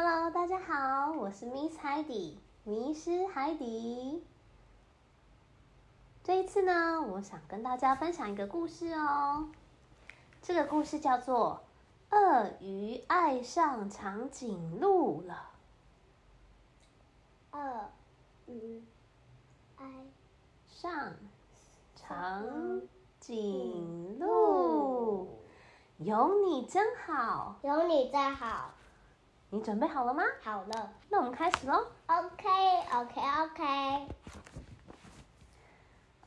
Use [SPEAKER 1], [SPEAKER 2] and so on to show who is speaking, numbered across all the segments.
[SPEAKER 1] Hello，大家好，我是 Miss 海底，迷失海底。這一次呢，我想跟大家分享一個故事哦。這個故事叫做《鱷魚愛上長頸鹿》了。鱷魚、嗯、愛上長頸鹿，嗯、有你真好，有你真好。你準備好了嗎？好了，那我
[SPEAKER 2] 們開始嘍。OK，OK，OK okay, okay,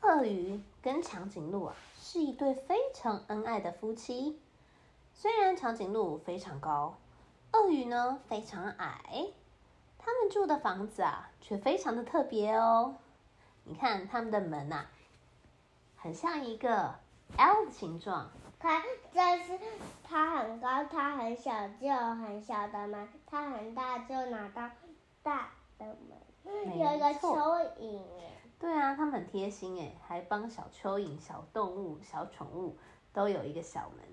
[SPEAKER 1] okay。鱷魚跟長頸鹿啊是一對非常恩愛的夫妻。雖然長頸鹿非常高，鱷魚呢非常矮，他們住的房子啊卻非常的特別哦。你看他們的門啊，很像一個 L 的形狀。
[SPEAKER 2] 它，這是它很高，它很小就很小的門，它很大就拿到大的門。沒錯。
[SPEAKER 1] 有一個蚯蚓耶。對啊，他們很貼心哎，還幫小蚯蚓、小動物、小寵物都有一個小門。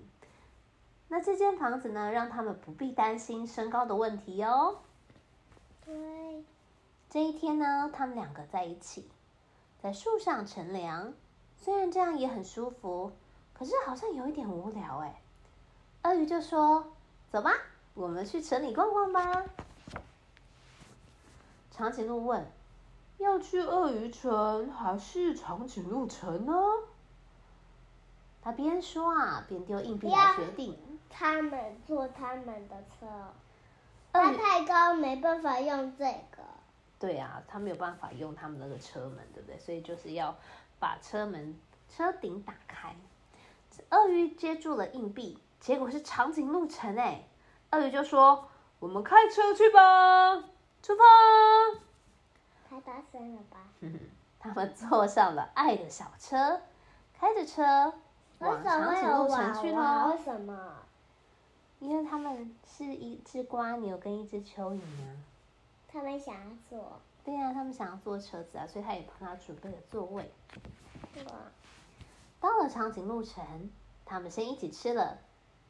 [SPEAKER 1] 那這間房子呢，讓他們不必擔心身高的問題哦。對。這一天呢，他們兩個在一起，在樹上乘涼，雖然這樣也很舒服，可是好像有一點無聊哎、欸，鱷魚就說：“走吧，我們去城裡逛逛吧。”長頸鹿問：“要去鱷魚城還是長頸鹿城呢？”他邊說啊邊丟硬幣來決定。
[SPEAKER 2] 他們坐他們的車，他太高沒辦法用這個。
[SPEAKER 1] 對呀、啊，他沒有辦法用他們那個車門，對不對？所以就是要把車門車頂打開。鱷魚接住了硬幣，結果是長頸鹿城哎，鱷魚就說：“我們開車去吧，出發、啊！”
[SPEAKER 2] 太大聲了吧？
[SPEAKER 1] 他們坐上了愛的小車，開着車往長頸鹿城去呢。為什麼？因為他們是一只蝸牛跟一只蚯蚓呢、啊。他們想
[SPEAKER 2] 要
[SPEAKER 1] 坐。對呀、啊，他們想要坐車子啊，所以他也幫他準備了座位。到了長頸鹿城，他們先一起吃了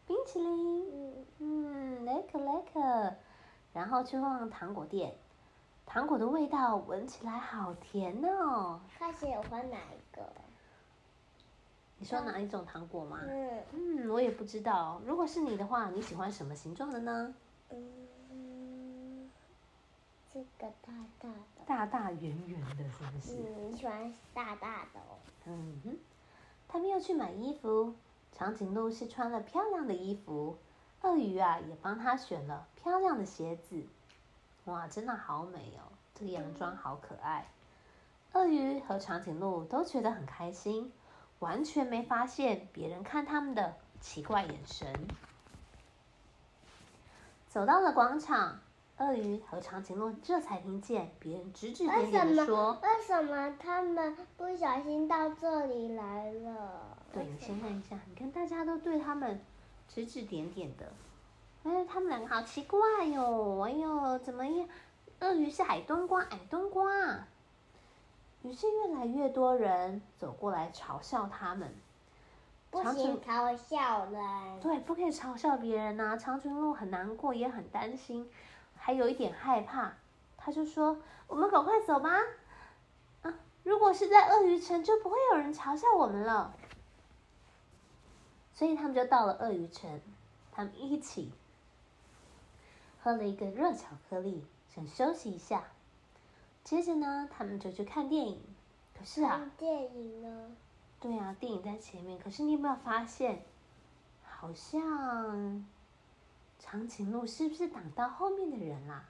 [SPEAKER 1] 冰淇淋，嗯，來可來可，Leka Leka，然後去逛糖果店，糖果的味道聞起來好甜哦。
[SPEAKER 2] 他喜歡哪一個？
[SPEAKER 1] 你說哪一種糖果嗎？
[SPEAKER 2] 嗯，嗯，我也
[SPEAKER 1] 不知道。如果是你的話，你喜歡什麼形狀的呢？嗯，
[SPEAKER 2] 這個大大
[SPEAKER 1] 的，大大圓圓的，是不是？
[SPEAKER 2] 嗯，你喜歡大大的哦。嗯哼。
[SPEAKER 1] 他們又去買衣服，長頸鹿是穿了漂亮的衣服，鱷魚啊也幫他選了漂亮的鞋子，哇，真的好美哦！這個洋裝好可愛，鱷魚和長頸鹿都覺得很開心，完全沒發現別人看他們的奇怪眼神。走到了廣場。鱷魚和長頸鹿這才聽見別人指指點點的說
[SPEAKER 2] 為：“為什麼他們不小心到這裡來
[SPEAKER 1] 了？”對，Okay. 你先看一下，你看大家都對他們指指點點的。哎、欸，他們兩個好奇怪喲、哦！哎呦，怎麼樣？鱷魚是矮冬瓜，矮冬瓜。於是越來越多人走過來嘲笑他們。
[SPEAKER 2] 不行
[SPEAKER 1] 嘲笑了。對，不可以嘲笑別人吶、啊！長頸鹿很難過，也很擔心。還有一點害怕，他就說：“我們趕快走吧！啊，如果是在鱷魚城，就不會有人嘲笑我們了。”所以他們就到了鱷魚城，他們一起喝了一個熱巧克力，想休息一下。接着呢，他們就去看電影。可是啊，電影呢？對啊，電影在前面。可是你有沒有發現，好像……長頸鹿是不是擋到後面的人啦，啊？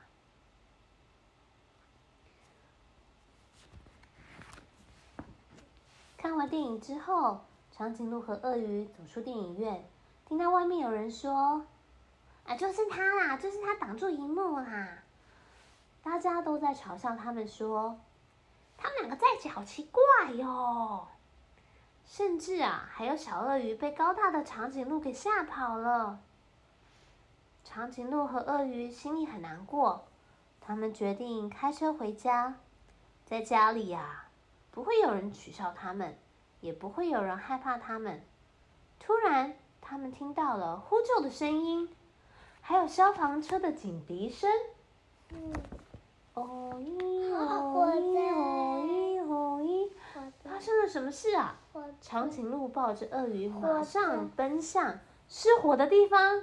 [SPEAKER 1] 看完電影之後，長頸鹿和鱷魚走出電影院，聽到外面有人說：“啊，就是他啦，就是他擋住熒幕啦！”大家都在嘲笑他們說：“他們兩個在一起好奇怪喲，哦！”甚至啊，還有小鱷魚被高大的長頸鹿給嚇跑了。長頸鹿和鱷魚心裡很難過，他們決定開車回家。在家裡呀、啊，不會有人取笑他們，也不會有人害怕他們。突然，他們聽到了呼救的聲音，還有消防車的警笛聲。嗯、哦咦哦咦哦咦哦咦，哦發生了什麼事啊？長頸鹿抱着鱷魚，馬上奔向失火的地方。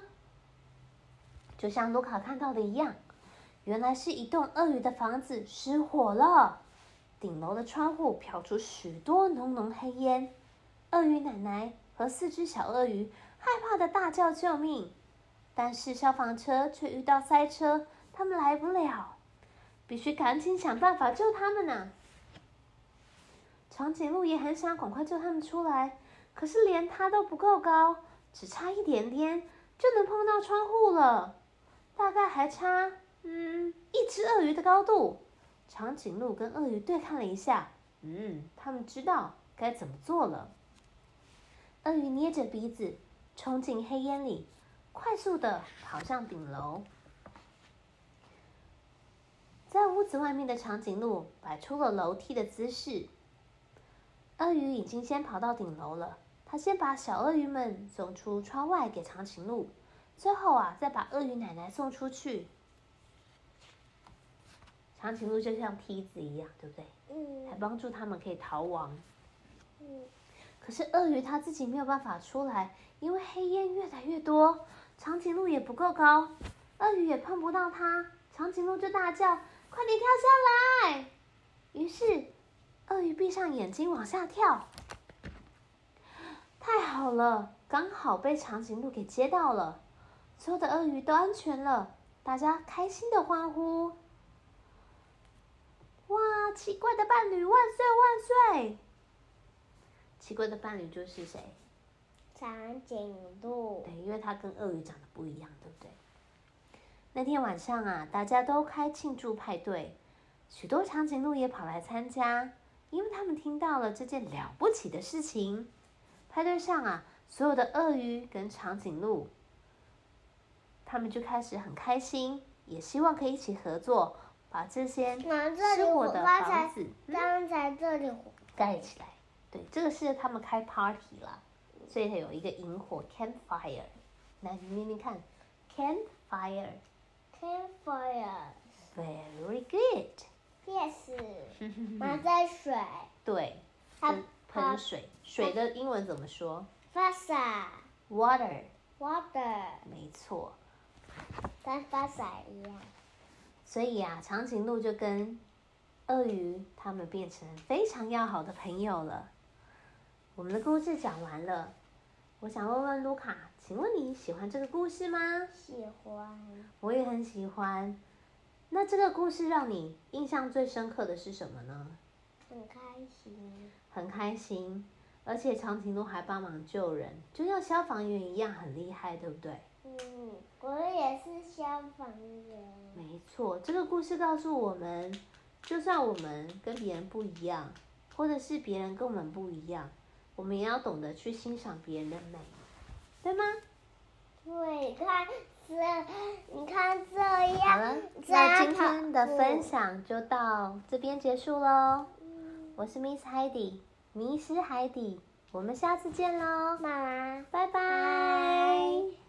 [SPEAKER 1] 就像盧卡看到的一樣，原來是一棟鱷魚的房子失火了，頂樓的窗戶飄出許多濃濃黑煙，鱷魚奶奶和四隻小鱷魚害怕的大叫救命，但是消防車卻遇到塞車，他們來不了，必須趕緊想辦法救他們吶啊！長頸鹿也很想趕快救他們出來，可是連它都不夠高，只差一點點就能碰到窗戶了。大概還差，嗯，一隻鱷魚的高度。長頸鹿跟鱷魚對抗了一下，嗯，他們知道該怎麼做了。鱷魚捏着鼻子，衝進黑煙裡，快速的跑向頂樓。在屋子外面的長頸鹿擺出了樓梯的姿勢。鱷魚已經先跑到頂樓了，他先把小鱷魚們送出窗外給長頸鹿。最後啊，再把鱷魚奶奶送出去。長頸鹿就像梯子一樣，對不對？嗯。還幫助他們可以逃亡。嗯。可是鱷魚它自己沒有辦法出來，因為黑煙越來越多，長頸鹿也不夠高，鱷魚也碰不到它。長頸鹿就大叫：“快點跳下來！”於是鱷魚閉上眼睛往下跳。太好了，剛好被長頸鹿給接到了。所有的鱷魚都安全了，大家開心的歡呼。哇！奇怪的伴侶，萬歲萬歲！奇怪的伴侶就是誰？長頸鹿。對，因為它跟鱷魚長得不一樣，對不對？那天晚上啊，大家都開慶祝派對，許多長頸鹿也跑來參加，因為他們聽到了這件了不起的事情。派對上啊，所有的鱷魚跟長頸鹿。他們就開始很開心，也希望可以一起合作，把這些失火是我的房子剛才這裡蓋、嗯、起來。對，這個是他們開 party 了，嗯、所以它有一個營火 campfire。Camp 來，明明看 campfire，c
[SPEAKER 2] a m p f fires . i r e
[SPEAKER 1] Very good。Yes。
[SPEAKER 2] 拿在水。
[SPEAKER 1] 對。他噴還水，還水的英文怎麼說？f a s a 色 Water。
[SPEAKER 2] Water。
[SPEAKER 1] 沒錯。跟發傘一樣，所以啊，長頸鹿就跟鱷魚，他們變成非常要好的朋友了。我們的故事講完了，我想問問盧卡，請問你喜歡這個故事嗎？喜歡。我也很喜歡。那這個故事讓你印象最深刻的是什麼呢？很開
[SPEAKER 2] 心。
[SPEAKER 1] 很開心。而且長頸鹿還幫忙救人，就像消防員一樣很厲害，對不對？
[SPEAKER 2] 嗯，我也是消防員。
[SPEAKER 1] 沒錯，這個故事告訴我們，就算我們跟別人不一樣，或者是別人跟我們不一樣，我們也要懂得去欣賞別人的美，對嗎？對，看
[SPEAKER 2] 這，你看這樣。好了，這樣看，那今天的分
[SPEAKER 1] 享就到這邊結束嘍。嗯，我是 Miss 海底，迷失海底。我們下次見嘍，媽媽拜拜。Bye bye.